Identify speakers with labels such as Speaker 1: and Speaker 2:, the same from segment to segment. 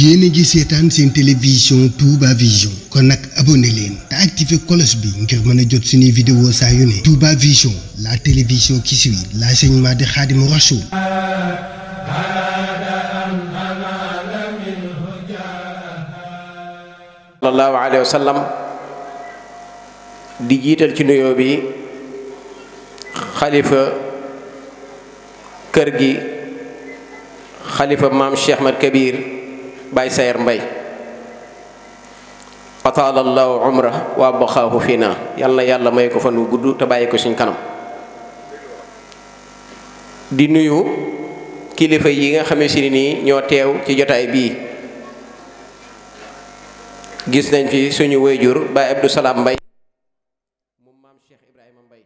Speaker 1: yéen a ngi seetaan seen télévision Touba Vision kon nag abonné leen te activé cloche bi ngir mën a jot suñuy vidéo saa yu ne Touba Vision la télévision qui suit l'enseignement de Khadimou Rassoul sallallahu di jiital ci nuyoo bi xalifa kër gi xalifa maam Cheikh Mat Kabir Baye Sayer Mbay ataala allahu umra wa baxaahu fina yàlla yàlla may ko fan wu gudd te bàyyi ko suñ kanam di nuyu kilifa yi nga xamee si nii ñoo teew ci jotaay bii gis nañ fi suñu wejur Baye Abdou Salaam Mbay mu maam Cheikh ibraahima Mbay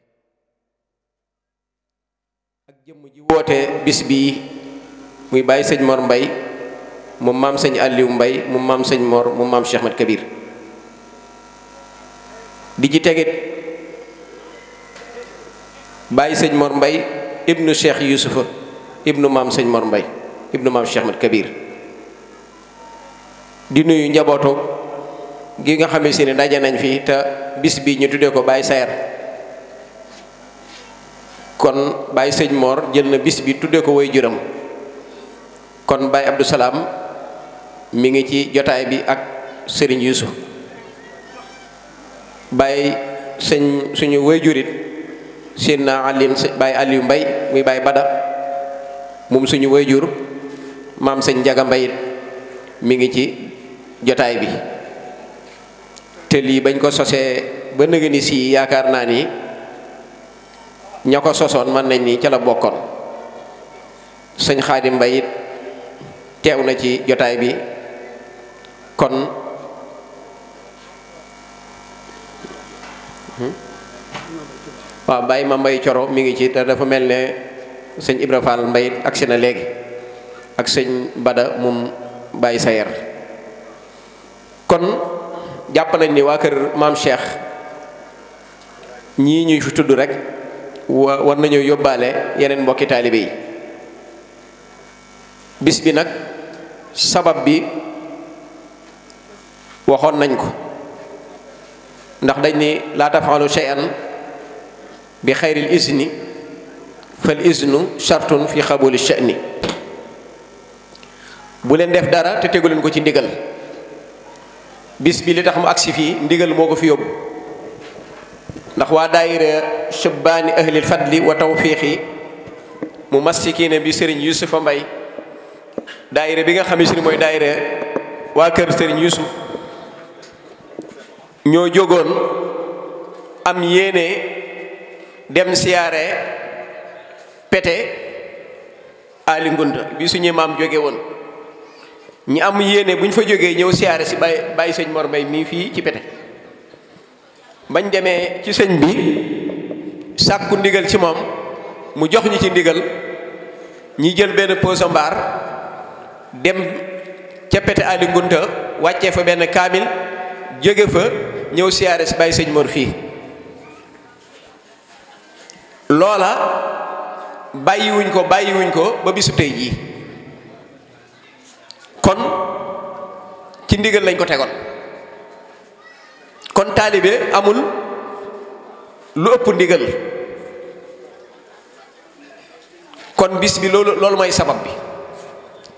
Speaker 1: ak jëmm ji woote bis bii muy bàyyi Sëñ Mor Mbay mu maam sëñ Aliou Mbay mu maam sëñ Mor moom maam Cheikh Ahmed Kabir di ci tegit bàyyi sëñ Mor Mbay ibnu Cheikh Yusufa ibnu maam sëñ Mor Mbay ibnu maam Cheikh Ahmed Kabir di nuyu njabootu gi nga xamee si ne daje nañ fi te bis bi ñu tuddee ko Baye Saer kon Baye sëñ Mor jël na bis bi tuddee ko woy juram kon Baye Abdou mi ngi ci jotaay bi ak sëriñ Yuusu bàyyi sëñ suñu wayjurit seen naa alim bàyyi Aliou Mbay muy bàyyi Badar moom suñu wayjur maam sëñ Njaga Mbay it mi ngi ci jotaay bi te lii bañ ko sosee ba nëgëni si yaakaar naa ni ña ko sosoon mën nañ ni ca la bokkoon sëñ Xaadim Mbay teew na ci jotaay bi kon waaw bàyyi ma mbay coro mi ngi ci te dafa mel ne sëñ Ibra Fall mbay agsi na léegi ak sëñ Bada moom bàyyi sa yar kon jàpp nañ ni waa kër maam Cheikh ñii ñuy fi tudd rekk wa war nañoo yóbbaale yeneen mbokki taalibe yi bis bi nag sabab bi waxoon nañ ko ndax dañ ni laa tafaalu shay'an bi xayril isni fal isnu shartun fi xabuli sha'ni bu leen def dara te tegu leen ko ci ndigal bis bi li tax mu agsi fii ndigal moo ko fi yóbbu ndax waa daayira shabbaani ahlil fadli wa tawfiixi mu massikiina bi sëriñ yusufa mbay daayira bi nga xam ni mooy daayira waa kër sëriñ yusuf ñoo jógoon am yéene dem siyaare pete Ali Ngunta bi suñu maam jóge woon ñi am yéene bu ñu fa jógee ñëw siyaare si bàyyi bàyyi sëñ Mor Mbay mii fii ci pete bañ demee ci sëñ bi sàkku ndigal ci moom mu jox ñi ci ndigal ñi jël benn poso dem ca pete Ali wàccee fa benn kaamil jóge fa ñëw siyaare si bàyyi sëñ Mor fii loola bàyyiwuñ ko bàyyiwuñ ko ba bisu tey jii kon ci ndigal lañ ko tegoon kon taalibe amul lu ëpp ndigal kon bis bi loolu loolu mooy sabab bi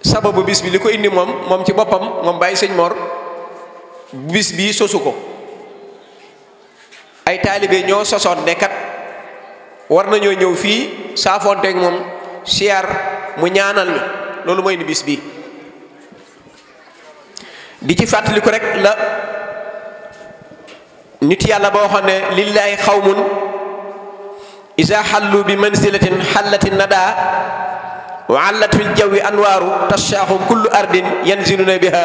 Speaker 1: sababu bis bi li ko indi moom moom ci boppam moom bàyyi sëñ Mor bis bii sosu ko ay taalibe ñoo sosoon ne war nañoo ñëw fii saafoonteeg moom siyaar mu ñaanal ñu loolu mooy ni bis bii di ci fàttaliku rek la nit yàlla boo xam ne lillaahi xawmun isa xallu bi manzilatin xallati nadaa wa allat fil jawwi anwaaru tashaaxu kullu ardin yanziluna biha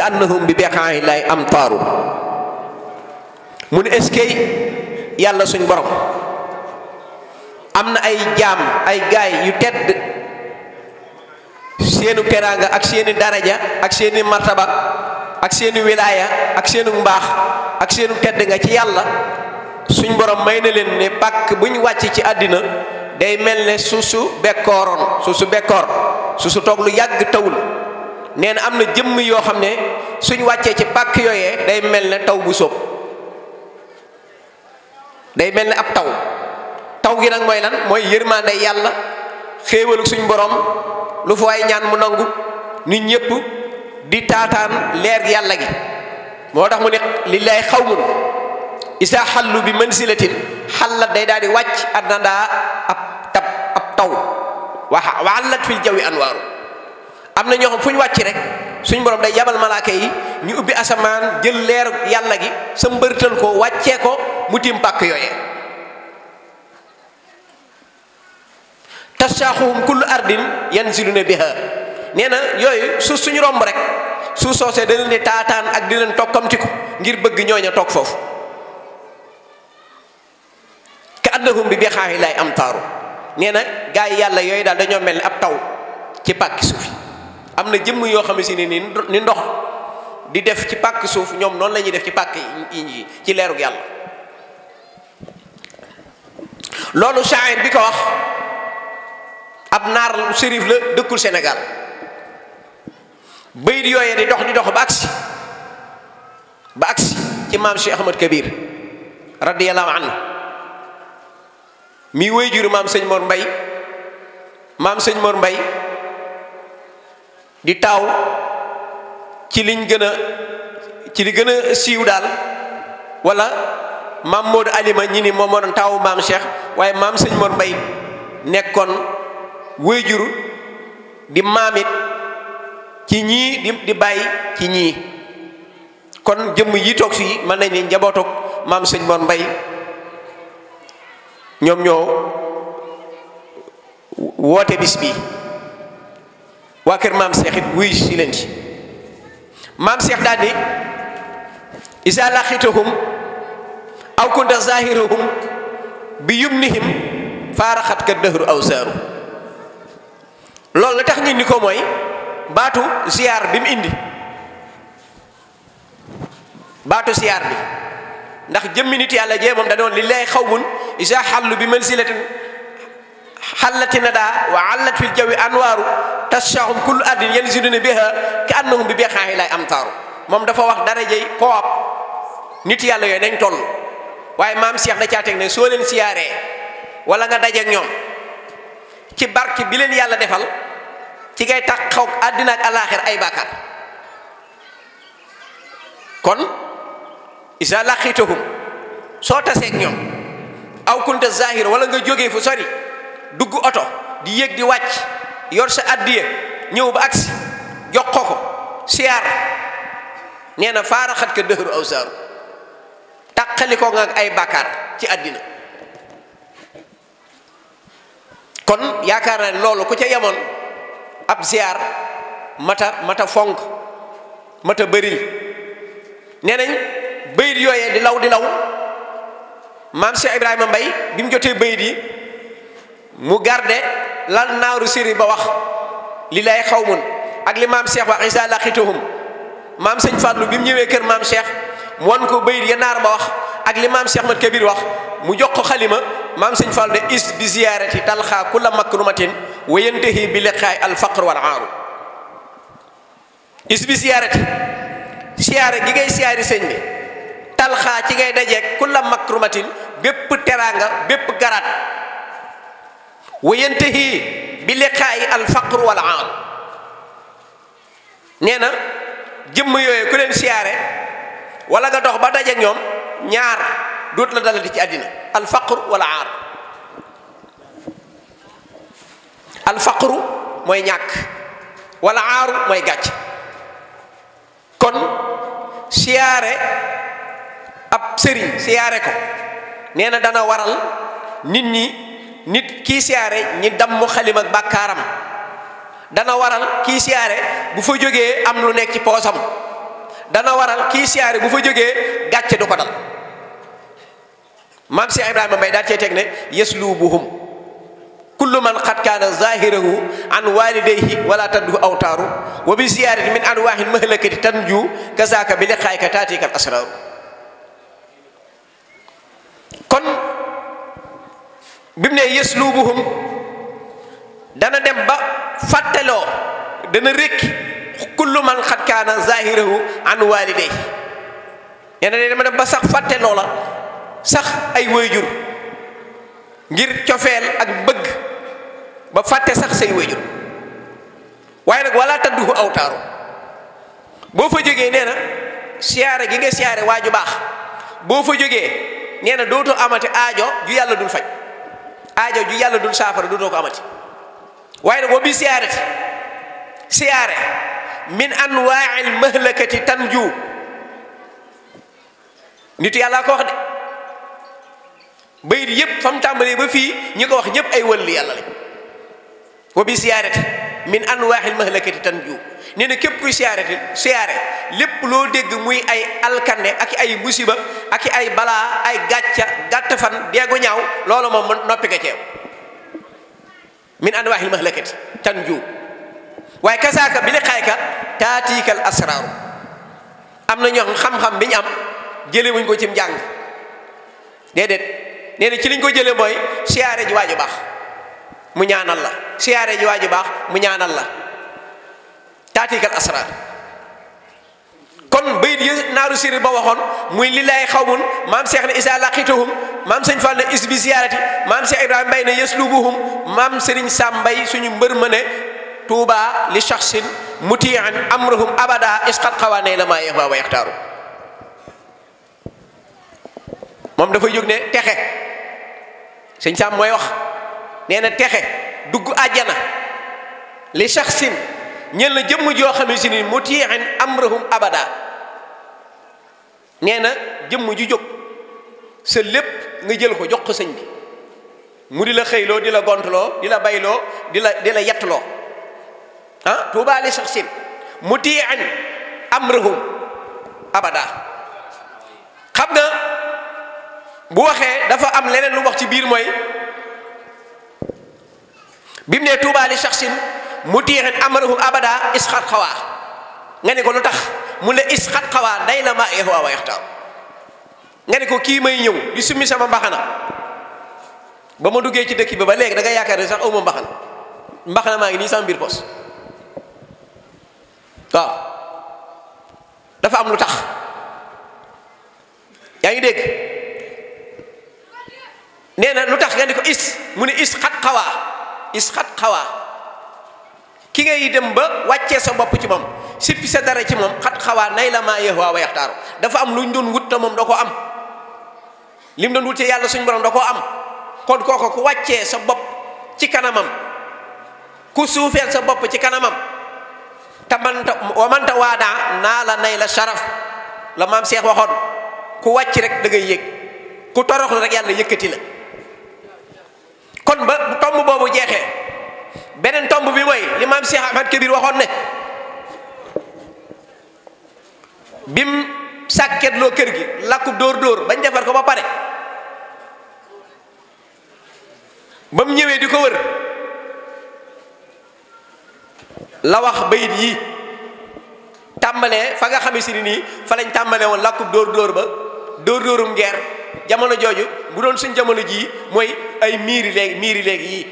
Speaker 1: ka annahum bi beqaay lay am taaru mu ne eskey yàlla suñ borom am na ay jaam ay gaay yu tedd seenu teraanga ak seeni daraja ak seeni martaba ak seeni wilaaya ak seenu mbaax ak seenu tedd nga ci yàlla suñ borom may na leen ne pàkk bu ñu wàcc ci àddina day mel ne suusu bekkooroon suusu bekkoor suusu toog lu yàgg tawul nee na am na jëmm yoo xam ne suñ wàccee ci pàkk yooyee day mel ne taw bu sóob day mel ne ab taw taw gi nag mooy lan mooy yërmande yàlla xéewalu suñ boroom lu fa waay ñaan mu nangu nit ñëpp di taataan leer yàlla gi moo tax mu ne lillaay xawmun isa xallu bi xal la day daal di wàcc adnandaa ab tab ab taw wa waxallat fil jawi anwaaru am na ñoo xam fu ñu wàcc rek suñ borom day yabal malaaka yi ñu ubbi asamaan jël leer yàlla gi sa mbërtal ko wàccee ko mu tiim pàkk yooyee tasaaxuhum kullu ardin yanziluna biha nee na yooyu su suñu romb rek su soosee da leen di taataan ak di leen tokkamti ko ngir bëgg ñooña toog foofu ka annahum bi bexaahi laay am taaru nee na gaa yi yàlla yooyu daal dañoo mel ni ab taw ci pàkki suufi am na jëmm yoo xam si ne ni ni ndox di def ci pàkk suuf ñoom noonu lañuy def ci pàkk yi ci leerug yàlla loolu shaayir bi ko wax ab naar sérif la dëkkul Sénégal bayit yooyee di dox di dox ba agsi ba agsi ci maam Cheikh Ahmad Kabir radiyallahu anhu mi wéy juru maam sëñ Mor Mbay maam sëñ Mor Mbay di taaw ci liñ gën a ci li gën a siiw daal wala maam Modou Alima ñi ni moom moo taawu maam Cheikh waaye maam sëñ Mor Mbay nekkoon wéyjur di maamit ci ñii di di bàyyi ci ñii kon jëm yi fii mën nañ ni njabootoog maam sëñ Mor Mbay ñoom ñoo woote bis bi waa kër maam Cheikh it wuyu maam Cheikh daal ni isa laqitahum aw kunta zahiruhum bi yumnihim faaraxat ka dëhru aw saaru loolu la tax ñu ko mooy baatu ziar bi indi baatu ziar bi ndax jëmmi nit yàlla jee moom da doon li xaw mun isa xallu bi manzilatin xallati nadaa wa allat fil jawi anwaaru tashaxum kullu ardin yalziduna biha ka annahum bi beexaayi lay amtaaru moom dafa wax dara darajey poop nit yàlla yooyu nañ toll waaye maam Cheikh da caa ne soo leen siyaaree wala nga dajeek ñoom ci bark bi leen yàlla defal ci ngay tax xaw àddina ak alaaxir ay bàkkaar kon isa laqitahum soo taseeg ñoom aw kunta zahir wala nga jógee fu sori di yéeg di wàcc yor sa addiya ñëw ba agsi jox ko ko siyaar nee na faaraxat ka dëhru aw saaru tàqali ko nga ay bàkkaar ci àddina kon yaakaar naa loolu ku ca yemoon ab ziar mata mata fonk mata bëril nee nañ bayit yooyee di law di law maam Cheikh Ibrahima Mbay bi mu jotee bayit yi mu garde lan naaru siri ba wax li lay xaw mun ak li maam Cheikh wax isa laqituhum maam sëñ Fallou bi mu ñëwee kër maam Cheikh mu wan ko bayit ya naar ba wax ak li maam Cheikh Mat Kabir wax mu jox ko xalima maam sëñ Fallou de is bi ziyaarati talxaa kulla makrumatin wa yantahi bi liqaay alfaqr wal aaru is bi ziyaarati siyaare gi ngay siyaari sëñ bi talxaa ci ngay dajeeg kulla makrumatin bépp teraanga bépp garaat wa yantahi bi liqaayi alfaqr wal aan nee na jëmm yooyu ku leen siyaare walla nga dox ba daje ak ñoom ñaar doot la dalati ci àddina alfaqru wal aan alfaqru mooy ñàkk wala aaru mooy gàcc kon siyaare ab sëriñ siyaare ko nee na dana waral nit ñi nit kii siyaare ñi damm xalim bàkkaaram dana waral kii siyaare bu fa jógee am lu nekk ci poosam dana waral kii siyaare bu fa jógee gàcce du ko dal maam si ibrahima mbay daal cee teg ne yaslubuhum kullu man xad kaana zahirahu an walidayhi wala tadduhu awtaaru wa bi ziyaarati min anwaaxil mahlakati tanju kazaaka bi liqaayka taatikal asraaru kon bi mu ne yaslubuhum dana dem ba fàtteloo dana rékki kullu man xat kaana zahirahu an waliday nee na dama dem ba sax fàtteloo la sax ay wayjur ngir cofeel ak bëgg ba fàtte sax say wayjur waaye nag wala tadduhu awtaaru boo fa jógee nee na siyaare gi nga siyaare waa ju baax boo fa jógee nee na dootu amati aajo ju yàlla dul faj aajo ju yàlla dul saafara doo ko amati waaye nag wa bi siyaarati siyaare min anwaa'il mahlakati tanju nitu yàllaa ko wax de bayit yépp fa mu tàmbalee ba fii ñi ko wax ñépp ay wëlli yàlla lañ wa bi siyaarati min anwaa'il mahlakati tanju nee na képp kuy siyaarati siyaare lépp loo dégg muy ay alkande ak ay musiba ak i ay balaa ay gàcca gàtt fan gu ñaaw loolu moom noppi nga ceew min anwaahil mahlakati tan ju waaye kasaaka bi li xayka taatiikal asraaru am na ñoo xam-xam bi am jële wuñ ko ci njàng déedéet nee na ci liñ ko jële mooy siyaare ji waaju baax mu ñaanal la siyaare ji waaju baax mu ñaanal la taatiikal asraar kon bayit yi naaru siri ba waxoon muy lillaay xawmun maam Cheikh ne isa laqitahum maam sëñ Fall ne is bi ziyaarati maam Cheikh Ibrahima Mbay ne yaslubuhum maam sëriñ Sàmbay suñu mbër ma ne tuuba li shaxsin mutian amrahum abada isqat xawaane la maa yeex waa texe sëñ wax nee na texe dugg àjjana li shaxsin ñen jëmm joo xam ni mutian amrahum abada nee na jëmm ju jóg sa lépp nga jël ko jox ko sëñ bi mu di la xëyloo di la gontloo di la bayloo di la di la yettloo ah tuubaali sax sin mu tii añ amrahum abada xam nga bu waxee dafa am leneen lu wax ci biir mooy bi mu ne tuubaali sax sin mu tii añ amrahum abada isxat xawaa nga ne ko lu tax mu ne is xat xawaa day na maa eexuwaa wa ne ko kii may ñëw di summi sama mbaxana ba ma duggee ci dëkk bi ba léegi da nga sax aw ma mbaxana mbaxana maa ngi nii sama biir pos dafa am lu tax yaa ngi dégg nee na lu tax nga ne is mu ne is xat xawaa ki ngay dem ba wàccee sa bopp ci moom sippi sa dara ci moom xat xawaa nay la maa yahwaa wa yaxtaaru dafa am lu ñu doon wut te moom da koo am li mu doon wutee yàlla suñu borom da koo am kon kooko ku wàccee sa bopp ci kanamam ku suufeel sa bopp ci kanamam te manta wa manta waadaa naa la nay la sharaf la maam Cheikh waxoon ku wàcc rek da ngay yëg ku toroxlu rek yàlla yëkkati la kon ba tomb boobu jeexee beneen tomb bi mooy li maam Cheikh Ahmad Kabir waxoon ne bi mu sàkket sàkketloo kër gi làkku dóor dóor bañ defar ko ba pare ba mu ñëwee di ko wër la wax bayit yi tàmbalee fa nga xamee ni nii fa lañ tàmbalewoon woon làkku dóor dóor ba dóor dóorum ngeer jamono jooju bu doon suñ jamono jii mooy ay miiri léegi miiri léegi yii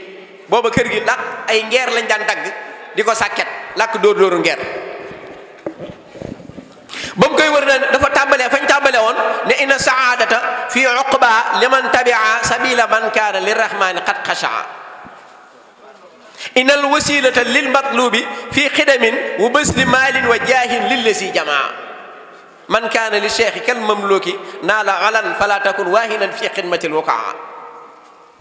Speaker 1: booba kër gi làkk ay ngeer lañ daan dagg di ko sàkket làkk dóor dóoru ngeer ba koy wër dafa tàmbalee fañ tàmbalee woon ne inna saadata fi uqba liman tabia sabila man kaana lirrahmani qad xashaa inna alwasilata lilmatlubi fi xidamin wa basli maalin wa jaahin lillasi jamaa man kaana li cheikhi kal mamluki naala alan fala takun waahinan fi xidmati lwuqaa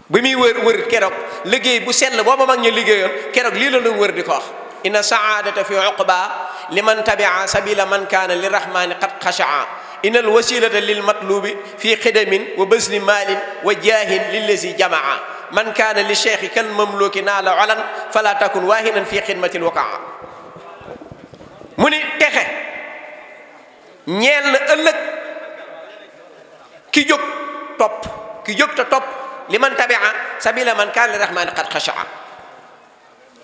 Speaker 1: bi muy wër wër liggéey bu sell booba mag ñu liggéeyoon keroog la doon wër di ko wax inna fi uqba liman tabia sabila man kaana lirahmani qad xashaa inal wasilata lil matlubi fi xidamin wa bësni maalin wa jaahin lillazi jamaa man kaana li cheikhi kan mamluki naa la olan fala takun waahinan fi xidmatil wakaa mu ni texe ñeel na ëllëg ki jóg topp ki jóg te topp liman tabia sabila man kaana lirahmani qad xashaa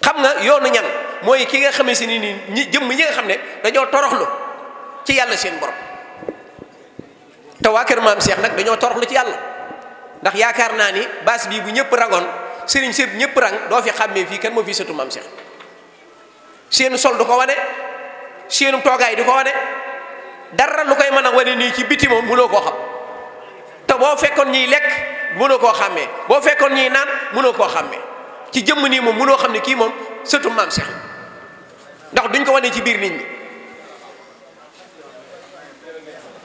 Speaker 1: xam nga yoonu ñan mooy ki nga xamee si ni nii ñi jëmm ñi nga xam ne dañoo toroxlu ci yàlla seen borom te waa kër maam Cheikh nag dañoo toroxlu ci yàlla ndax yaakaar naa ni baas bii bu ñëpp rangoon sëriñ sëb ñëpp rang doo fi xàmmee fii kan moo fi sëtu maam Cheikh sol du ko wane seenu toogaay du ko wane dara lu koy mën a wane nii ci biti moom mënoo koo xam te boo fekkoon ñiy lekk mënoo koo xàmmee boo fekkoon ñiy naan mënoo koo xàmmee ci jëmm nii moom mënoo xam ne kii moom sëtu maam Cheikh ndax duñ ko wane ci biir nit ñi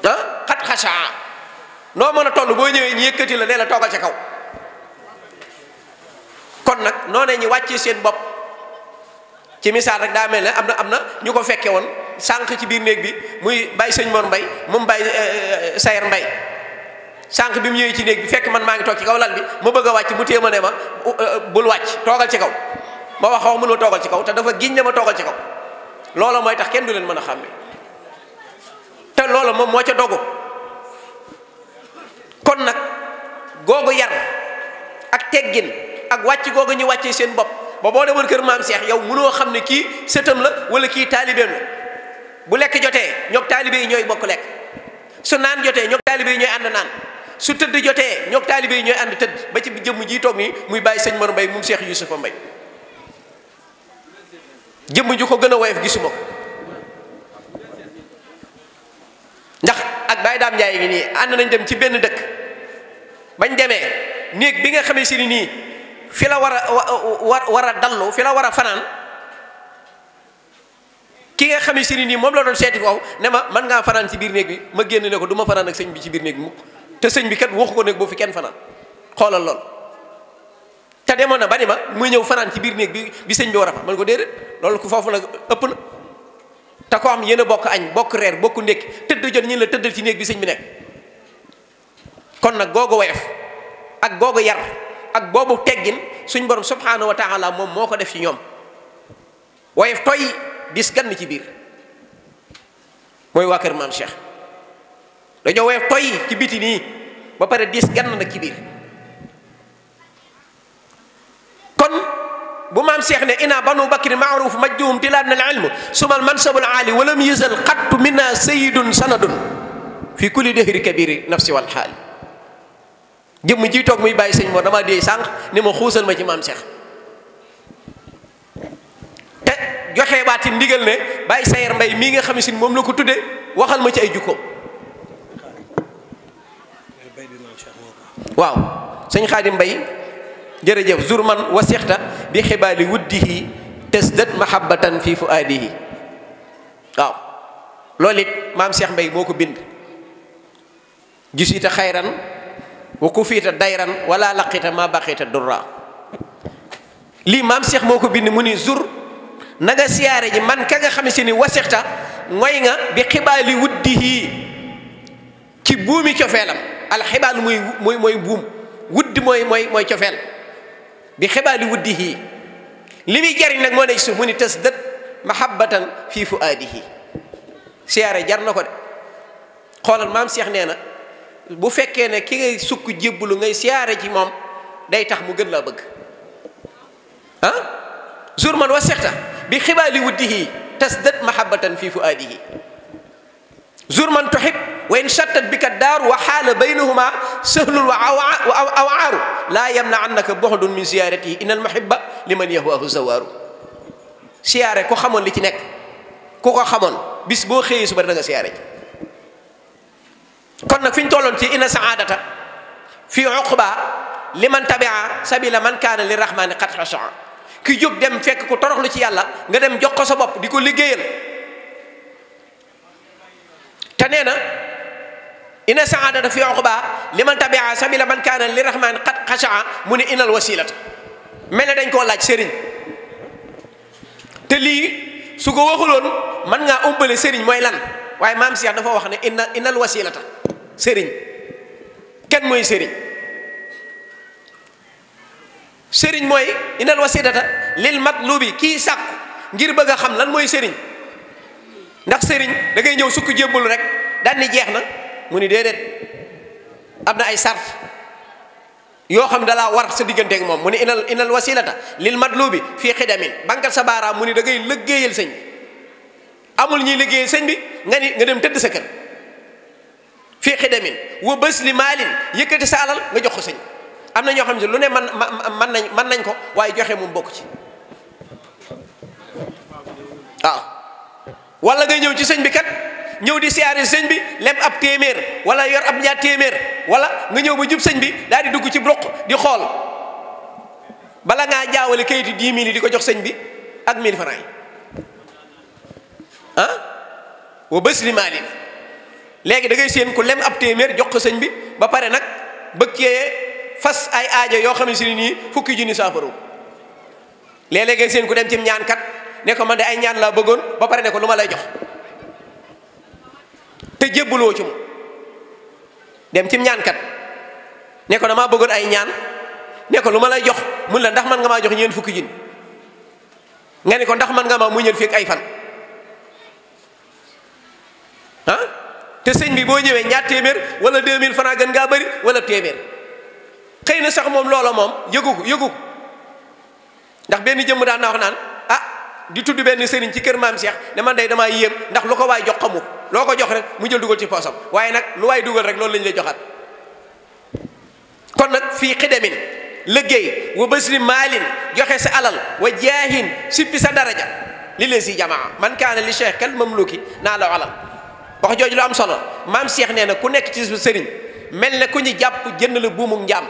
Speaker 1: ah xat xasaa noo mën a toll boo ñëwee ñu yëkkati la nee la toogal ci kaw kon nag noonee ñu wàccee seen bopp ci misaal rek daa mel ne am na am na ñu ko fekkee woon sanq ci biir néeg bi muy bàyyi sëñ Mor Mbay mu moom bàyyi euh, euh, Sayer Mbay sànq bi mu ñëwee ci néeg bi fekk man maa ngi toog ci kaw lal bi ma bëgg a wàcc mu téye ma euh, bul wàcc toogal ci kaw ma wax xaw mënoo toogal ci kaw te dafa giñ ne ma toogal ci kaw loola mooy tax kenn du leen mën a xàmme te loola moom moo ca dogu kon nag googu yar ak teggin ak wàcc googu ñu wàccee seen bopp ba boo demoon kër maam seex yow mënoo xam ne kii sëtam la wala kii taalibeem la bu lekk jotee ñoog taalibe yi ñooy bokk lekk su naan jotee ñoog taalibe yi ñooy ànd naan su tëdd jotee ñoog taalibe yi ñooy ànd tëdd ba ci jëmm ji toog nii muy bàyyi sëñ Mor Mbay moom Cheikh Youssoufa Mbay jëmm ju ko gën a woyof gisuma ko ndax ak Baye daam Ndiaye ngi nii ànd nañ dem ci benn dëkk bañ demee néeg bi nga xamee si ni nii fi la war a wa war a dallu fi la war a fanaan ki nga xamee si ni nii moom la doon seeti foofu ne ma mën ngaa fanaan ci biir néeg bi ma génn ne ko du ma fanaan ak sëñ bi ci biir néeg bi mukk te sëñ bi kat waxu ko néeg boo fi kenn fanaan xoolal lool. te demoon na bari ni ma muy ñëw fanaan ci biir néeg bi bi sëñ bi war a fa man ko déedéet loolu ku foofu nag ëpp na te ko am yéen a bokk añ bokk reer bokk ndékki tëdd jot ñi la tëddal ci néeg bi sëñ bi nekk kon nag googu woyof ak googu yar ak boobu teggin suñ borom subhaanahu wa moom moo ko def ci ñoom woyof toy dis gann ci biir mooy waa kër maam dañoo woyof toy ci biti nii ba pare dis gann nag ci biir bu maam Cheikh ne ina banu bakri maaruf majjuhum tilaadna al ilm sumal mansabul aali walam yësal xattu minna sayidun sanadun fi kulli dahri kabiri nafsi wal xaali jëmm ji toog muy bàyyi sëñ moo damaa déey sànq ni ma xuusal ma ci maam Cheikh te bàyyi sayer mbay mii nga xam si moom la ko tudde waxal ma ci ay jukkoom waaw sëñ Xaadim Mbay jërëjëf zurman man sixta bi xibaali wuddihi tasdat mahabbatan fi fuaadihi waaw loolu it maam Cheikh Mbay moo ko bind gisita xayran wa kufiita dayran wala laqita ma baqita durra lii maam Cheikh moo ko bind mu ni zur na siyaare ji man ka nga xam si ni wasixta mooy nga bi xibaali wuddihi ci buumi cofeelam alxibaal muy mooy mooy buum wuddi mooy mooy mooy cofeel bi xibaali wuddihi li muy jariñ nag moo ne suuf mu ni tës dët mahabbatan fii fuaadihi siyaare jar na ko de xoolal maam Cheikh nee na bu fekkee ne ki ngay sukk jébbalu ngay siyaare ji moom day tax mu gën laa bëgg ah jour man wa sexta bi xibaali wuddihi tas dët mahabbatan adi fuaadihi jour man tuhib wa in chattat bi kat daar wa xaala baynahuma sahlun wa awaaru laa yamna'annaka bu'dun min ziyaaratihi innal muhibba liman yahwaahu zawaaru siyaare ko xamoon li ci nekk ku ko xamoon bis boo xëyee suba da nga siyaare kon na fi ñu tolloon ci inna saadata fii uqba man tabia sabila man kaana li rahmaani qad xashaa ki jóg dem fekk ku toroxlu ci yàlla nga dem jox ko sa bopp di ko liggéeyal te nee inna saadata fi uqba liman tabia sabila man kaana li rahman qad xashaa mu ne innal wasilata mel ne dañ koo laaj sëriñ te lii su ko waxuloon mën ngaa umbale sëriñ mooy lan waaye maam Cheikh dafa wax ne inna innal wasilata sëriñ kenn mooy sëriñ sëriñ mooy innal wasilata lil matlubi kii sàkk ngir bëgg a xam lan mooy sëriñ ndax sëriñ dangay ñëw sukk jébbalu rek daal ni jeex na mu ni déedéet am na ay sart yoo xam ne dalaa war sa digganteek moom mu ni inal inal wasilata lil madlubi fii xidamin bankat sa baaraam mu ni da ngay liggéeyal sëñ bi amul ñuy liggéeyal sëñ bi nga ni nga dem tëdd sa kër fii xidamin wa bés li maalin yëkkati sa alal nga jox ko sëñ am na ñoo xam ne lu ne man man nañ mën nañ ko waaye joxe moom bokk ci waaw ah. wala ngay ñëw ci sëñ bi kat ñëw di siyaare sëñ bi leb ab téeméer wala yor ab ñaar téeméer wala nga ñëw ba jub sëñ bi daal di dugg ci broq di xool bala ngaa jaawale kayitu 10 000 yi di ko jox sëñ bi ak 1000 francs yi ah wa bés li maalim léegi dangay ngay séen ku lem ab téeméer jox ko sëñ bi ba pare nag bëggee fas ay aajo yoo xam ne si nii fukki junni saafara léeg-léeg ngay séen ku dem ci ñaan kat ne ko man de ay ñaan laa bëggoon ba pare ne ko lu ma lay jox. te jébbaloo ci mu dem cim ñaankat ne ko maa bëggoon ay ñaan ne ko lu ma la jox mun la ndax man nga maa jox ñeent fukki junni nga ne ko ndax man nga maa muñal fii ak ay fan ah te sëñ bi boo ñëwee ñaar téeméer wala 2000 francs gan ngaa bari wala téeméer xëy na sax moom loola moom yëgu ko yëgu ko ndax benn jëmm daan na wax naan. di tudd benn sëriñ ci kër maam Cheikh ne man day damaa yéem ndax lu ko waay jox xamu loo ko jox rek mu jël dugal ci poosam waaye nag lu waay dugal rek loolu lañ lay joxaat kon nag fii xidamin liggéey wa ni maalin joxe sa alal wa jaahin sippi sa daraja li leen si jamaa man kaana li cheikh kal ki naa la alal wax jooju lu am solo maam Cheikh nee na ku nekk ci sëriñ mel ne ku ñu jàpp jënd la buumug njaam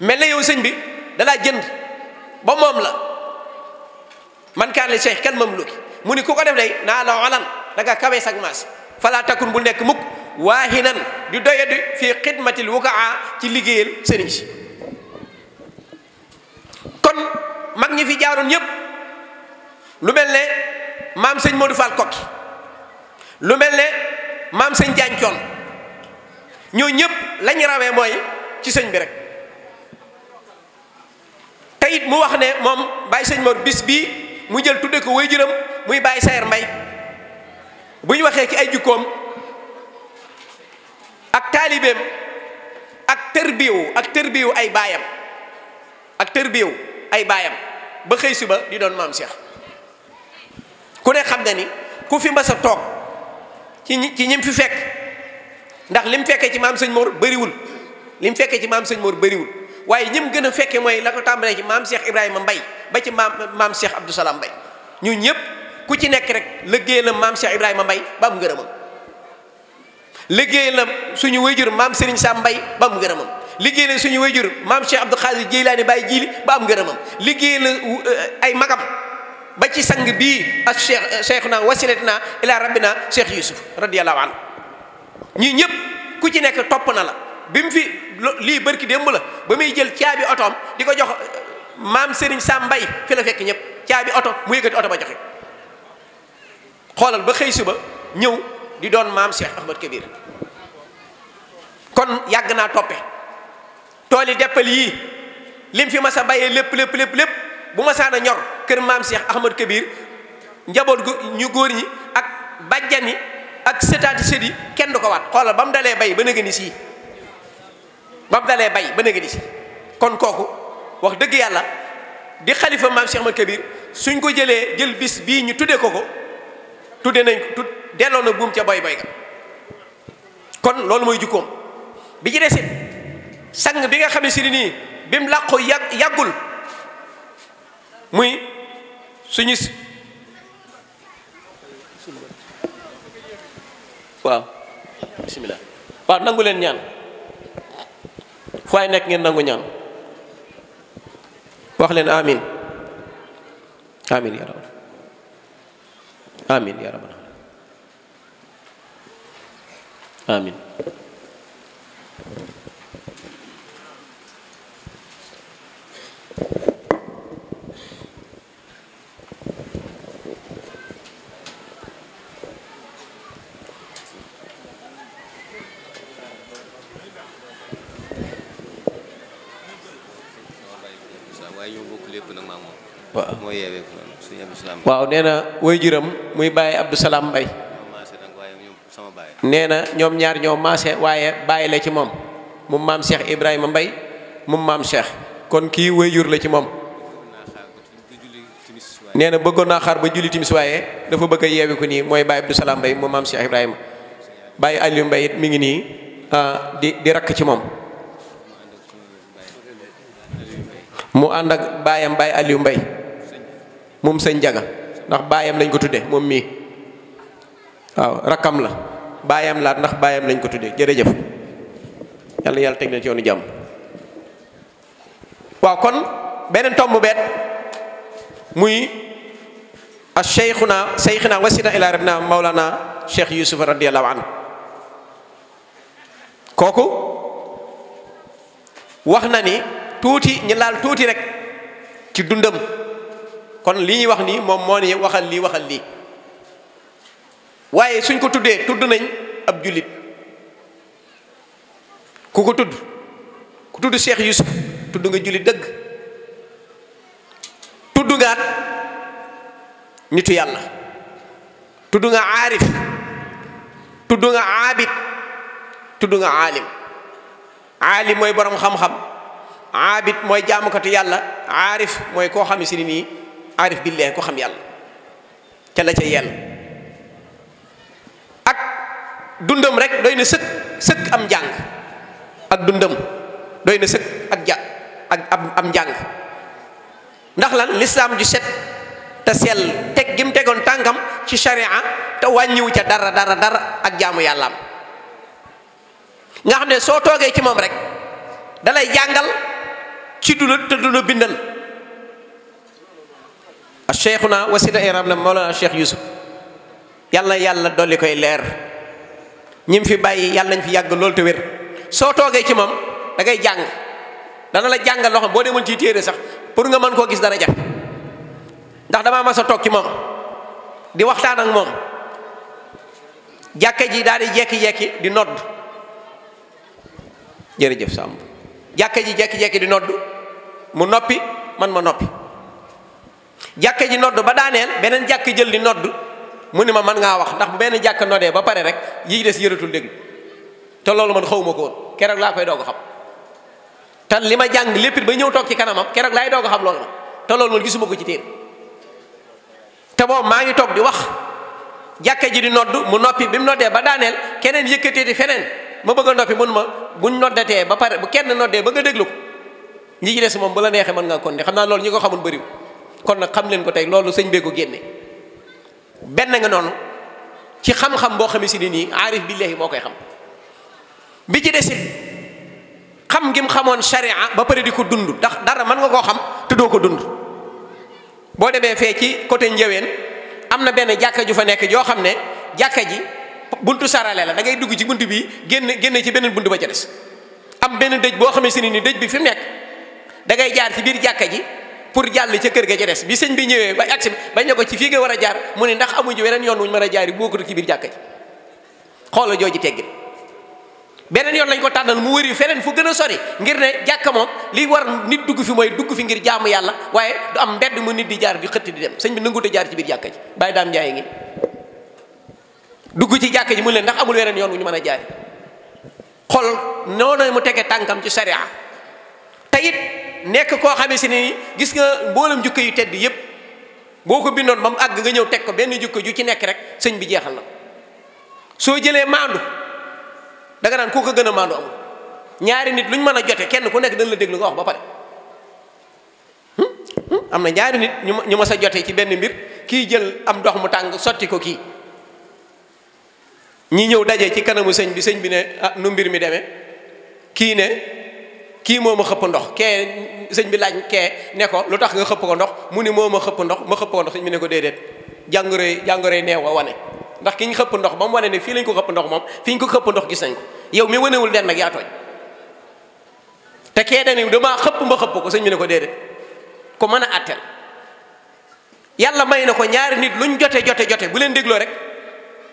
Speaker 1: mel ne yow sëñ bi dalaa jënd ba moom la man kaa li cheikh kan mamluki mu ni ku ko def day naa la olan da kawee sag maas fala takun bul nekk mukk waa di doyadi fii xidmatil wukaa ci liggéeyal sëriñ kon mag ñi fi jaaroon yépp lu mel ne maam sëñ Modou Fall Kokki lu mel ne maam sëñ Jaañ Coon ñoo ñëpp lañ rawee mooy ci sëñ bi rek te it mu wax ne moom bàyyi sëñ Modou bis bii mu jël tudde ko waajuram muy bàyyi sayer mbay bu ñu waxee ci ay jukkoom ak taalibeem ak tërbiwu ak tërbiwu ay baayam ak tër tërbiwu ay baayam ba xëy suba di doon maam Cheikh ku ne xam na ni ku fi mbasa toog ci ci ñim fi fekk ndax li mu fekkee ci maam sëñ Mor li lim fekkee ci maam sañ Mor bariwul waaye ñim gën a fekkee mooy la ko tàmbalee ci maam Cheikh Ibrahima Mbay ba ci maam maam Cheikh Abdou Salam Mbaye ñu ñëpp ku ci nekk rek liggéey la maam Cheikh Ibrahima mbay ba am ngërëmam liggéey la suñu wayjur maam Serigne Sam Mbaye ba am ngërëmam liggéey la suñu wayjur maam Cheikh Abdou Khadir Jeylaani Baye Jiili ba am ngërëmam liggéey la eh, ay magam ba ci sang bii ak Cheikh eh, Cheikhuna wasilatina ila rabbina Cheikh Yusuf radiyallahu anhu ñii ñëpp ku ci nekk topp na la bi mu fi lii bërki démb la ba muy jël caabi otoom di ko jox maam Serigne Sam mbay fi la fekk ñëpp caabi oto mu yëkkati oto ba joxe xoolal ba xëy suba ñëw di doon maam Cheikh Ahmad Kabir kon yàgg naa toppe tool yi deppal yii lim fi mas a bayee lépp lépp lépp lépp bu ma saan a ñor kër maam Cheikh Ahmad Kabir njaboot gu ñu góor ñi ak bàjjan yi ak sëtaati sët kenn du ko waat xoolal ba mu dalee bay ba nëgëni sii ba mu dalee bay ba nëgëni sii kon kooku wax dëgg yàlla di xalifa maam Cheikh Ma Kabir suñ ko jëlee jël bis bii ñu tuddee ko ko tudde nañ ko delloo na buum ca bay boy ga kon loolu mooy jukkoom bi ci desit sang bi nga xam ne si ni nii bi mu làqu yàgg yàggul muy suñu waaw bisimilah waa nangu leen ñaan fu waay nekk ngeen nangu ñaan wax leen amin amin ya rabbal amin ya rabbal amin waaw nee na waajuram muy bàyyi Abdou Salaam Mbay nee na ñoom ñaar ñoo maase waaye bàyyi la ci moom mu maam Cheikh Ibrahima Mbay mu maam Cheikh kon kii waajur la ci moom nee na bëggoon naa xaar ba julli timis waaye dafa bëgg a mooy bàyyi Abdou Salaam Mbay mu maam Cheikh Ibrahima bàyyi Aliou Mbay it mi ngi nii ah, di di rakk ci moom mu ànd ak baayam bàyyi Aliou Mbay moom sëñ njaga ndax baayam lañ ko tuddee moom mii waaw rakkam la baayam laat ndax baayam lañ ko tuddee jërëjëf yàlla yàlla teg na ci yoonu jàmm waaw kon beneen tomb beet muy a cheikhuna cheikhina wasina ila rabbina maulana cheikh yusuf radiallahu anhu kooku wax na ni tuuti ñu laal tuuti rek ci dundam kon li wax nii moom moo ni waxal lii waxal lii waaye suñ ko tuddee tudd nañ ab jullit ku ko tudd ku tudd Cheikh Yusuf tudd nga jullit dëgg tudd nitu yàlla tudd nga aarif tudd nga aabid tudd nga aalim aalim mooy borom xam-xam aabid mooy jaamukatu yàlla aarif mooy koo xam ni nii aarif billaahi ko xam yàlla ca la ca yenn ak dundam rek doy na sëkk sëkk am njàng ak dundam doy na sëkk ak ja ak am njàng ndax la lislaam ju set te sell teg gi mu tegoon tànkam ci sharia te wàññiwu ca dara dara dara ak jaamu yàllaam nga xam ne soo toogee ci moom rek dalay jàngal ci dula te dula bindal cheikhuna wasita irab na moolana cheikh yusuf yàlla yàlla dolli koy leer ñi fi bàyyi yàlla nañ fi yàgg loolu te soo toogee ci moom da ngay jàng dana la jàngal loo xam boo demoon ci téere sax pour nga mën koo gis dana jafe ndax damaa mas a toog ci di waxtaan ak moom jàkka ji daal di jekki-jekki di nodd jërëjëf Samb jàkka ji jekki di nodd mu noppi man ma noppi jàkka ji nodd ba daaneel beneen jàkk jël di nodd mu ni ma mën ngaa wax ndax mu benn jàkk noddee ba pare rek yi des yëratul déglu te loolu man xawma ko woon laa koy doog a xam li ma jàng lépp ba ñëw toog ci kanamam keroog laay doog a xam loolu ma te loolu man gisuma ko ci téere te boobu maa ngi toog di wax jàkka ji di nodd mu noppi bi mu ba daaneel keneen yëkkatee di feneen ma bëgg a noppi mun ma buñ noddatee ba pare bu kenn noddee ba nga ko ñi ci des moom bu la neexee mën ngaa kon di xam naa loolu ñi ko xamul bëriw kon nag xam leen ko tey loolu sëñ bee ko génne benn nga noonu ci xam-xam boo xamee si ni nii aarif billaahi moo koy xam bi ci desit xam ngim xamoon sharia ba pare di ko dund ndax dara mën nga koo xam te doo ko dund boo demee fee ci côté njëween am na benn jàkka ju fa nekk joo xam ne jàkka ji buntu sarale la da ngay dugg ci bunt bi génn génn ci beneen bunt ba ci des am benn dëj boo xamee si ni nii dëj bi fi mu nekk da ngay jaar ci biir jàkka ji pour jàll ca kër ga ca des bi sëñ bi ñëwee ba agsi bañ ne ko ci fii nga war a jaar mu ne ndax amuñu weneen yoon wuñ mën a jaari bokkul ci biir jàkka ji jooju teggin beneen yoon lañ ko tànnal mu wëri feneen fu gën a sori ngir ne jàkka li war nit dugg fi mooy dugg fi ngir jaamu yàlla waaye du am mbedd mu nit di jaar di xëtt di dem sëñ bi nanguute jaar ci biir jàkka ji bàyyi daam njaay ngi dugg ci jàkka ji mu ndax amul weneen yoon wu ñu mën a jaari xool noonu mu tege tànkam ci sariya te nekk koo xamee si ne gis nga mboolem jukko yu tedd yépp boo ko bindoon ba mu àgg nga ñëw teg ko benn jukko ju ci nekk rek sëñ bi jeexal na soo jëlee maandu danga naan koo ko gën a maandu amul ñaari nit lu ñu mën a jote kenn ku nekk dañ la déglu nga wax hmm? Hmm? am na ñaari nit ñu ñu mës a jote ci benn mbir kii jël am ndox mu tàng sotti ko kii ñi ñëw daje ci kanamu sëñ bi sëñ bi ne ah nu mbir mi demee kii ne. kii moom ma xëpp ndox kee sëñ bi laaj kee ne ko lu tax nga xëpp ko ndox mu ni moo ma xëpp ndox ma xëpp ko ndox sëñ bi ne ko déedéet jàngoro yi jàngoro yi neew a wane ndax ki ñu xëpp ndox ba wane ne fii lañ ko xëpp ndox moom fi ñu ko xëpp ndox gis nañ ko yow mi wanewul den nag yaa tooñ xëpp ma xëpp ko sëñ bi ne ko déedéet ko mën a àtteel yàlla may na ko ñaari nit luñ jote jote jote bu leen dégloo rek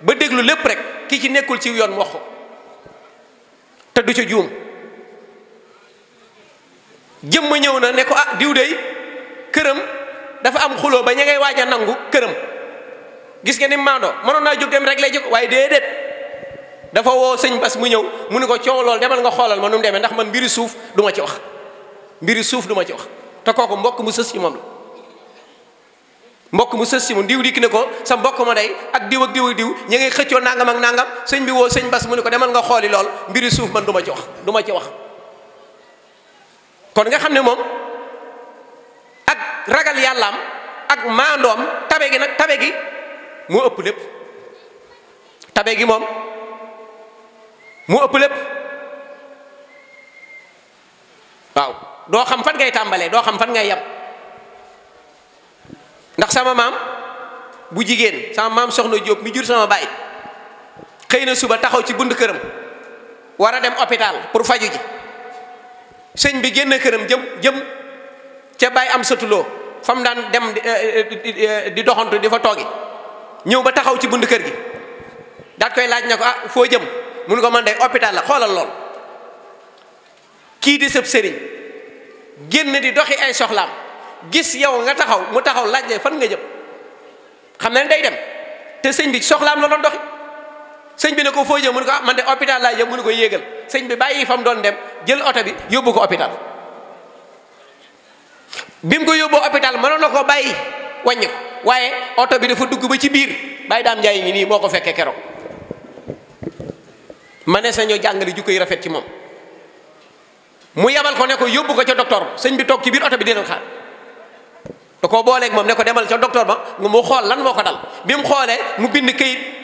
Speaker 1: ba déglu lépp rek ki ci nekkul ci yoon wax ko te du ca juum jëm jëmm ñëw na ne ko ah diw dey këram dafa am xuloo ba ña ngay waaj nangu këram gis nga ni maandoo mënoon naa jóg dem rek lay jóg waaye déedéet dafa woo sëñ bas mu ñëw mu ne ko coow lool demal nga xoolal ma nu mu demee ndax man mbiri suuf du ma ci wax mbiri suuf du ma te kooku mbokk mu sës ci moom la mbokk mu sës ci moom ne ko sa mbokk ma day ak diw ak diw ak diw ngay xëccoo nangam ak nangam sëñ bi woo sëñ bas mu ne ko demal nga xooli lool mbiri suuf man du ma ci wax du ma ci wax kon nga xam ne moom ak ragal yàlla am ak maandoom tabe gi nag tabe gi moo ëpp lépp tabe gi moom mu ëpp lépp waaw doo xam fan ngay tàmbalee doo xam fan ngay yem ndax sama maam bu jigéen sama maam soxna Diop mi jur sama baay xëy na suba taxaw ci bunt këram war a dem hôpital pour faju ji sëñ bi génn këram jëm jëm ca bàyyi am satuloo fa daan dem eh, eh, eh, di doxantu di fa toogi ñëw ba taxaw ci bund kër gi daat koy laaj na ko ah foo jëm mun ko man day hôpital la xoolal lool kii di sëb sëriñ génn di doxi ay soxlaam gis yow nga taxaw mu taxaw laaj la fan nga jëm xam na ne day dem te sëñ bi soxlaam la doon doxi sëñ bi ne ko foo jëm mu ne ko ah man de hôpital laa jëm mu ne ko yéegal sëñ bi bàyyi fa doon dem jël oto bi yóbbu ko hôpital bi mu ko yóbbu hôpital mënoon na koo bàyyi wàññi ko waaye oto bi dafa dugg ba ci biir bàyyi daam njaay nii moo ko fekkee keroog ma ne sañoo jàngale ju koy rafet ci moom mu yabal ko ne ko ko ca docteur sëñ bi toog ci biir oto bi dina xaar da koo booleeg moom ne ko demal ca docteur ba mu xool lan moo ko dal bi mu xoolee mu bind kayit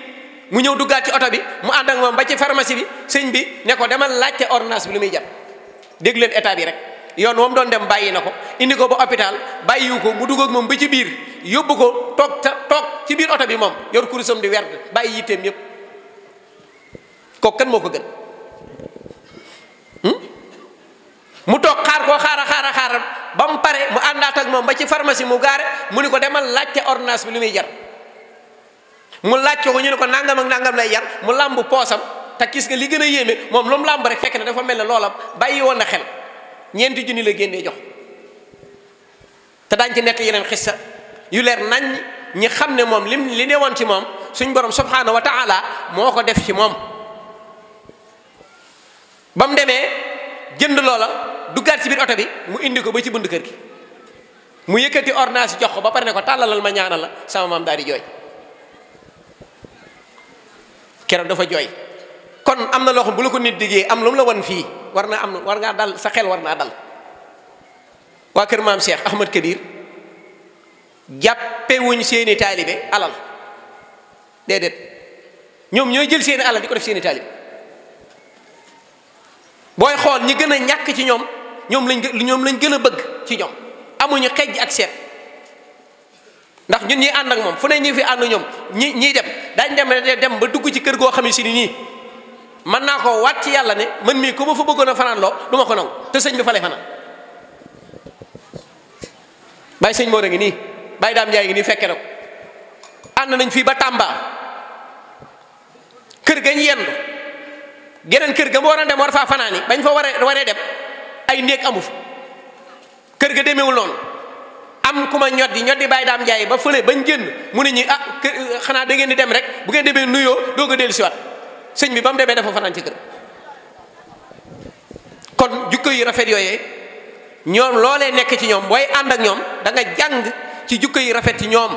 Speaker 1: mu ñëw duggaat ci oto bi mu ànd moom ba ci pharmacie bi sëñ bi ne ko demal laajte ordonnance bi lu muy jar dégg leen état bi rek yoon moom doon dem bàyyi na ko indi ko ba hôpital bàyyiwu ko mu dugg ak moom ba ci biir yóbbu ko toog ta toog ci biir oto bi moom yor kurusam di wert werd bàyyi yitteem yépp kooku kan moo ko gën hmm? mu toog xaar koo xaara xaara xaara ba mu pare mu àndaat ak moom ba ci pharmacie mu gaare mu ni ko demal laajte ordonnance bi lu muy jar mu laajte ko ñu ne ko nangam nàngam nangam lay yar mu làmb poosam te gis nga li gën a yéeme moom lu mu làmb rek fekk ne dafa mel ne loola bàyyi woon na xel ñeenti junni la génnee jox te daañ ci nekk yeneen xissa yu leer nañ ñi xam ne moom lim li ne woon ci moom suñ borom subhanahu wa taala moo ko def ci moom ba mu demee jënd loola duggaat ci biir oto bi mu indi ko ba ci bunt kër gi mu yëkkati ordonnance jox ko ba pare ne ko tàllalal ma ñaana la sama maam daal keroog dafa jooy kon am na loo bu la ko nit diggee am lu mu la wan fii war naa am war ngaa dal sa xel war naa dal waa kër maam Cheikh Ahmad Kabir jàppewuñ seeni taalibe alal déedéet ñoom ñooy jël seeni alal di ko def seeni taalibe booy xool ñi gën a ñàkk ci ñoom ñoom lañ ñoom lañ gën a bëgg ci ñoom amuñu xejj ak seet ndax ñun ñi ànd ak moom fu ne ñi fi ànd ñoom ñi ñiy dem daañ dem dem ba dugg ci kër goo xam ne si ni nii mën naa ko waat ci yàlla ne man mii ku ma fa bëggoon a fanaan loo du ma ko nangu te sëñ bi fa lay fanaan bàyyi sëñ Mor a nii bàyyi daam Njaay ngi nii na ko nañ fii ba Tamba kër gañ yendu geneen kër ga mu war a dem war faa fanaani bañ fa waree waree dem ay néeg amu fa kër ga demeewul noonu am ku ma ñoddi ñoddi bàyyi daam njaay ba fële bañ génn mu ne ñi ah euh, xanaa da ngeen di dem rek bu ngeen demee nuyoo doog a siwaat sëñ bi ba mu demee dafa fanaan ci kër kon jukko yi rafet yooye ñoom loole nekk ci ñoom booy ànd ak ñoom da nga jàng ci jukko yu rafet ci ñoom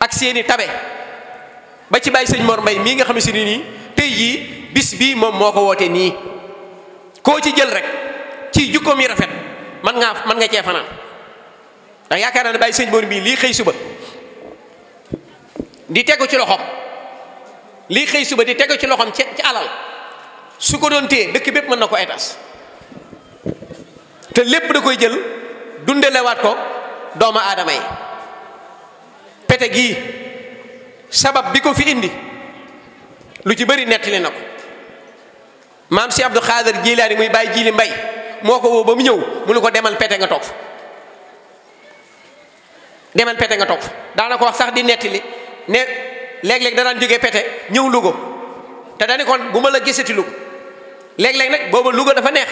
Speaker 1: ak seeni tabe ba ci bàyyi sëñ Mor Mbay mii nga xam si ni nii tey jii bis bii moom moo ko wootee nii koo ci jël rek ci jukkoom yi rafet man nga mën nga cee fanaan ndax yaakaar naa ne bàyyi sëñ boor bii lii xëy suba di tegu ci loxoom lii xëy suba di tegu ci loxoom ci ci alal su ko doon téye dëkk bépp mën na ko étas te lépp da koy jël dundelewaat ko doomu aadama yi pete gii sabab bi ko fi indi lu ci bëri nettali na ko maam si Abdou Khader Jilaani muy bàyyi jili mbay moo ko woo ba mu ñëw mu ne ko demal pete nga toog demal pete nga toog fa daana wax sax di nettali ne léeg-léeg danaan jóge pete ñëw Louga te dani kon bu mal a gisati Louga léeg-léeg nag booba Louga dafa neex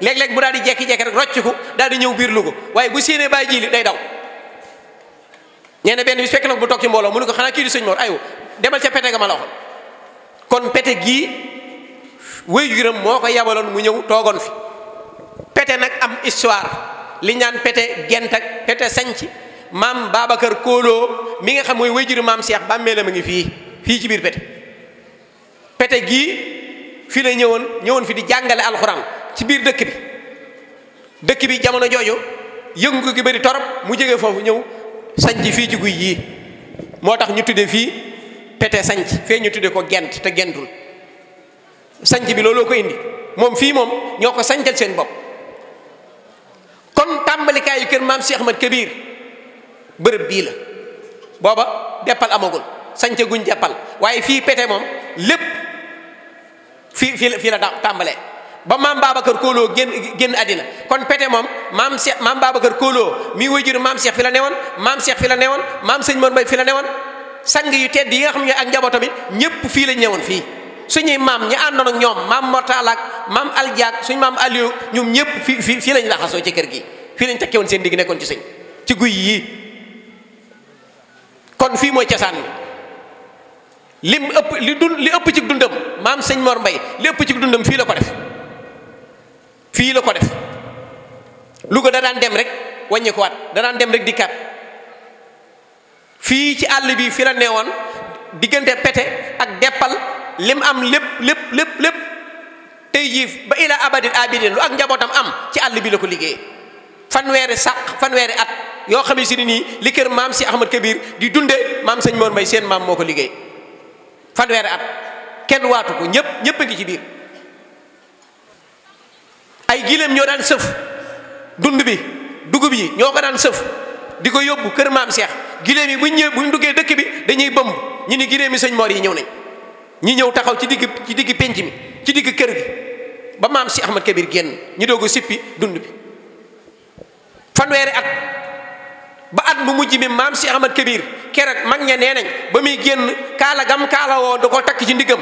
Speaker 1: léeg-léeg bu daal di jekki-jekki rek rocciku daal di ñëw biir Louga waaye bu séenee bàyyi jili day daw ñee ne benn bis fekk nag bu toog ci mbooloo mu ne ko xanaa kii di sëñ Mor ayu demal ca pete ga ma la waxoon kon pete gii wéy juram moo ko yabaloon mu ñëw toogoon fi pete nag am histoire li ñaan pete gent ak pete sanc maam Babacar Kóoloo mi nga xam mooy wéyjuru maam Cheikh bàmmeelam a ngi fii fii ci biir pete pete gii fii la ñëwoon ñëwoon fi di jàngale alxuraan ci biir dëkk bi dëkk bi jamono jooju yëngu gi bëri torop mu jege foofu ñëw sanc fii ci guy yii moo tax ñu tudde fii pete sanc fee ñu tudde ko gent te gentul sanc bi looloo ko indi moom fii moom ñoo ko sancal seen bopp kon tàmbalikaay yi kër maam Cheikh Ahmad Kabir bërëb bii la booba deppal amagul sañca guñ deppal waaye fii pete moom lépp fii fii la fii la tàmbalee ba maam Babacar Kóoloo génn génn àddina kon pete moom maam Cheikh maam Babacar Kóoloo mi wajur maam Cheikh fi la newoon maam seex fi la newoon maam sëñ Mor Mbay fi la newoon sang yu tedd yi nga xam ne ak njabootam it ñëpp fii lañ ñëwoon fii suñu maam ñi àndoon ak ñoom maam Mortala ak maam Aljaak suñ maam Aliou ñoom ñëpp fii fii fii lañ laxasoo ci kër gi fii lañ takkewoon seen digg nekkoon ci sëñ ci guy yii kon fii mooy cosaan bi lim ëpp li dun li ëpp ci dundam maam sëñ Mor Mbay li ëpp ci dundam fii la ko def fii la ko def Louga da daan dem rek wàññikuwaat da daan dem rek dikkaat fii ci àll bi fi la neewoon diggante pete ak deppal lim am lépp lépp lépp lépp tey jii ba ila abadin abidin lu ak njabootam am ci àll bi la ko liggéey fanweeri sàq fanweeri at yoo xam ne si ne nii li kër maam si Ahmad Kabir di dunde maam sëñ Mor may seen maam moo ko liggéey fanweeri at kenn waatu ko ñëpp ñëpp a ngi ci biir ay gileem ñoo daan sëf dund bi dugub yi ñoo ko daan sëf di ko yóbbu kër maam Seex gileem yi buñ ñëw buñ duggee dëkk bi dañuy bëmb ñu ni gileem yi sëñ moor yi ñëw nañ ñi ñëw taxaw ci digg digg penc mi ci digg kër gi ba maam si Ahmad Kabir génn ñu doog ko sippi dund bi fanweeri at ba at mu mujj mi maam si Ahmad Kabir keroog mag ña nee nañ ba muy génn kaala gam kaala woo da ko takk ci ndiggam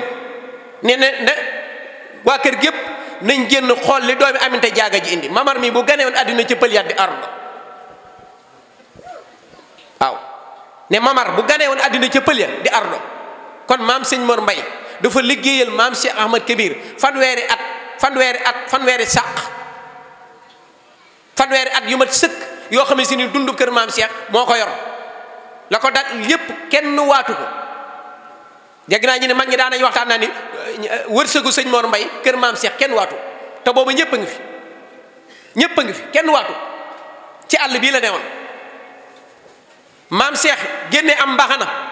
Speaker 1: nee na ne waa kër gépp nañ génn xool li doomi aminte jaaga ji indi mamar mi bu ganee woon àddina ci pëliat bi ardo waaw ne bu ganee woon àddina ca di ardo kon maam sëñ Mor Mbay dafa liggéeyal maam si Ahmad Kabir fanweeri at fanweeri at fanweeri sàq fanweeri at yu mat sëkk yoo xam ne si ni dund kër maam Cheikh moo ko yor la ko dal yépp kenn waatu ko dégg naa ñu ne mag ñi daan nañu waxtaan naa ni euh, wërsëgu sëñ Mor Mbay kër maam seex kenn waatu te boobu ñëpp ngi fi ñëpp a ngi fi kenn waatu ci àll bii la newoon maam seex génne am mbaxana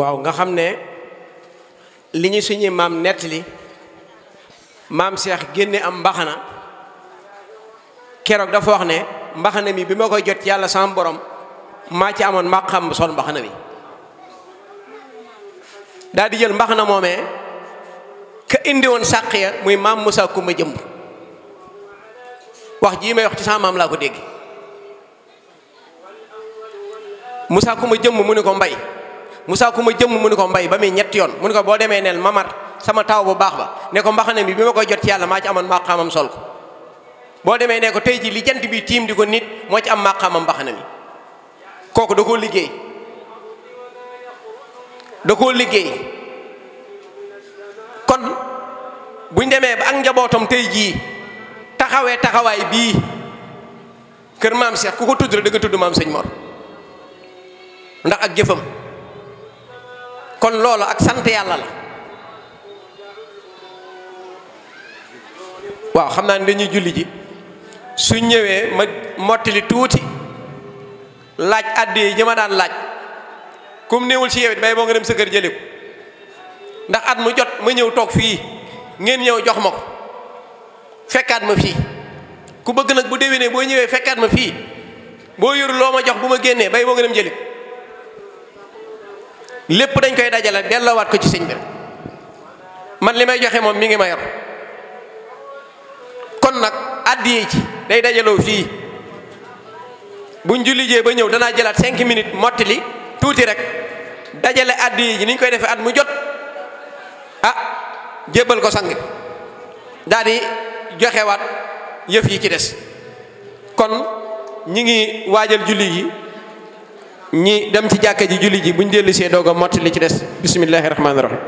Speaker 1: waaw nga xam ne li ñu suñuy maam nettali maam Cheikh génne am mbaxana keroog dafa wax ne mbaxana mi bi ma koy jot yàlla saam borom maa ci amoon maa xam sol mbaxana mi daa di jël mbaxana moomee ka indi woon sàq ya muy maam Moussa Kumba jëmb wax ji may wax ci sama maam laa ko dégg Moussa Kumba jëmb mu ne ko mbay musaa ku ma jëmm mu ne ko mbay ba muy ñetti yoon mu ne ko boo demee neel mamar sama taw bu baax ba ne ko mbaxane bi bi ma koy jot ci yàlla maa ci amoon maqaamam sol ko boo demee ne ko tey ji li jant bi tiim di ko nit moo ci am maqaamam mbaxane mi kooku da koo liggéey da koo liggéey kon buñ demee ba ak njabootam tey jii taxawee taxawaay bii kër maam Cheikh ku ko tudd rek da nga tudd maam sëñ Mor ndax ak jëfam kon loolu ak sant yàlla la waaw xam naa ne dañuy julli ji su ñëwee ma mottali tuuti laaj addi yi ma daan laaj comme néewul ci yow it bay boo nga dem sa kër jëlee ko ndax at mu jot ma ñëw toog fii ngeen ñëw jox ma ko fekkaat ma fii ku bëgg nag bu déwénee booy ñëwee fekkaat ma fii boo yoru loo ma jox bu ma génnee bay boo nga dem lépp dañ koy dajale delloowaat ko ci sëñ bi man li may joxe moom mi ngi ma yor kon nag addiye ci day dajaloo fii buñ jullijee ba ñëw danaa jëlaat cinq minutes motti li tuuti rek dajale addiye ji ni ñu koy defee at mu jot ah jébbal ko sang bi daal di joxewaat yëf yi ci des kon ñi ngi waajal julli yi ñi dem ci jàkka ji bu ñu dellu see motti li ci des bismillahi rahmaani rahim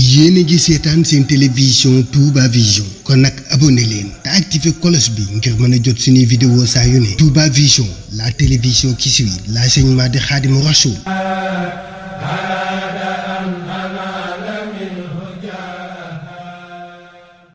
Speaker 1: yéen a seetaan seen télévision Touba Vision kon nag abonné leen te activé cloche bi ngir mën jot suñuy vidéo saa yu ne Touba Vision la télévision qui suit l'enseignement de Khadimou Rassoul